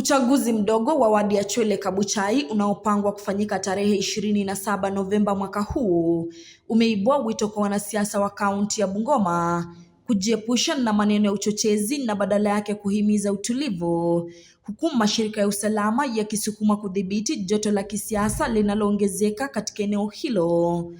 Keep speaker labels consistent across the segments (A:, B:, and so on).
A: Uchaguzi mdogo wa wadi ya Chwele Kabuchai unaopangwa kufanyika tarehe ishirini na saba Novemba mwaka huu umeibua wito kwa wanasiasa wa kaunti ya Bungoma kujiepusha na maneno ya uchochezi na badala yake kuhimiza utulivu, huku mashirika ya usalama yakisukuma kudhibiti joto la kisiasa linaloongezeka katika eneo hilo.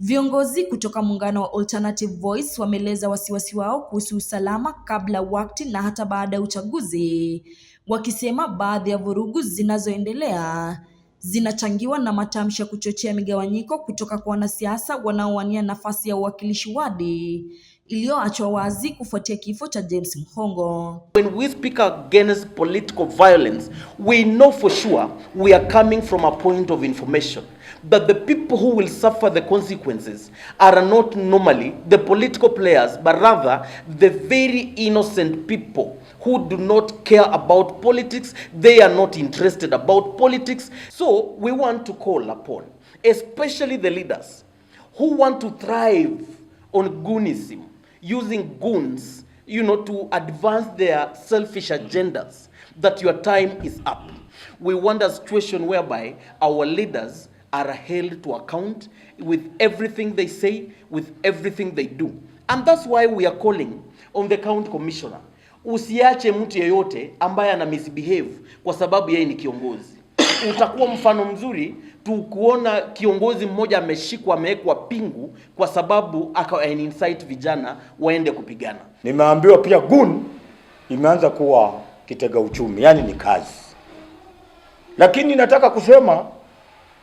A: Viongozi kutoka muungano wa Alternative Voice wameeleza wasiwasi wao kuhusu usalama kabla, wakati na hata baada ya uchaguzi wakisema baadhi ya vurugu zinazoendelea zinachangiwa na matamshi ya kuchochea migawanyiko kutoka kwa wanasiasa wanaowania nafasi ya uwakilishi wadi iliyoachwa wazi kufuatia kifo cha James Mhongo.
B: When we speak against political violence, we know for sure we are coming from a point of information that the people who will suffer the consequences are not normally the political players, but rather the very innocent people who do not care about politics. They are not interested about politics. So we want to call upon, especially the leaders who want to thrive on Gunism using goons, you know, to advance their selfish agendas, that your time is up. We want a situation whereby our leaders are held to account with everything they say, with everything they do. And that's why we are calling on the county commissioner. Usiache mtu yeyote ambaye ana misbehave kwa sababu yeye ni kiongozi utakuwa mfano mzuri tu kuona kiongozi mmoja ameshikwa, amewekwa pingu kwa sababu akawa incite vijana waende kupigana.
C: Nimeambiwa pia gun imeanza kuwa kitega uchumi, yani ni kazi, lakini nataka kusema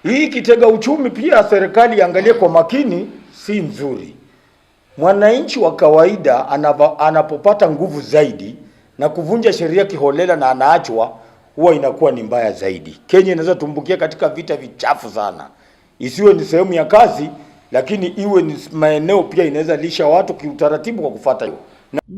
C: hii kitega uchumi pia serikali iangalie kwa makini, si nzuri. Mwananchi wa kawaida anapopata nguvu zaidi na kuvunja sheria kiholela na anaachwa huwa inakuwa ni mbaya zaidi. Kenya inaweza tumbukia katika vita vichafu sana, isiwe ni sehemu ya kazi, lakini iwe ni maeneo pia inaweza lisha watu kiutaratibu kwa kufuata hiyo.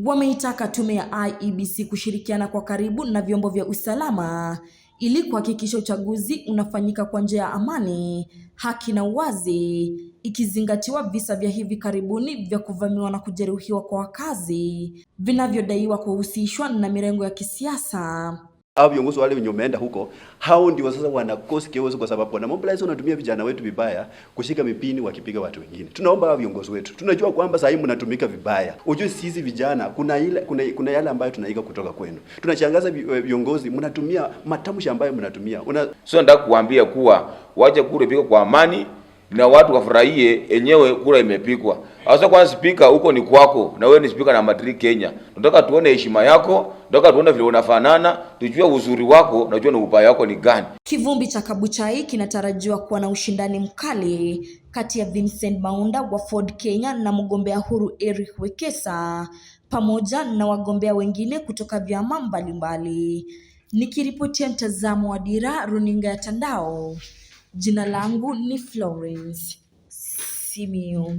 A: Wameitaka tume ya IEBC kushirikiana kwa karibu na vyombo vya usalama ili kuhakikisha uchaguzi unafanyika kwa njia ya amani, haki na uwazi, ikizingatiwa visa vya hivi karibuni vya kuvamiwa na kujeruhiwa kwa wakazi vinavyodaiwa kuhusishwa na mirengo ya kisiasa
D: au viongozi wale wenye umeenda huko, hao ndio sasa wanakosi kiongozi, kwa sababu wana mobilize, wanatumia vijana wetu vibaya kushika mipini wakipiga watu wengine. Tunaomba hao viongozi wetu, tunajua kwamba sasa hivi mnatumika vibaya. Ujue sisi vijana kuna ile kuna, kuna yale ambayo tunaiga kutoka kwenu. Tunashangaza eh, viongozi mnatumia matamshi ambayo mnatumia. Una...
E: sio nataka kuambia kuwa waje kule pika kwa amani na watu wafurahie enyewe kura imepikwa. Sasa kwanza, spika huko ni kwako, na wewe ni spika na Madrid Kenya. nataka tuone heshima yako, nataka tuone vile unafanana, tujue uzuri wako na tujue ubaya wako ni gani. Kivumbi
A: cha Kabuchai kinatarajiwa kuwa na ushindani mkali kati ya Vincent Maunda wa Ford Kenya na mgombea huru Eric Wekesa pamoja na wagombea wengine kutoka vyama mbalimbali. Nikiripotia mtazamo wa Dira Runinga ya Tandao. Jina langu ni Florence Simio.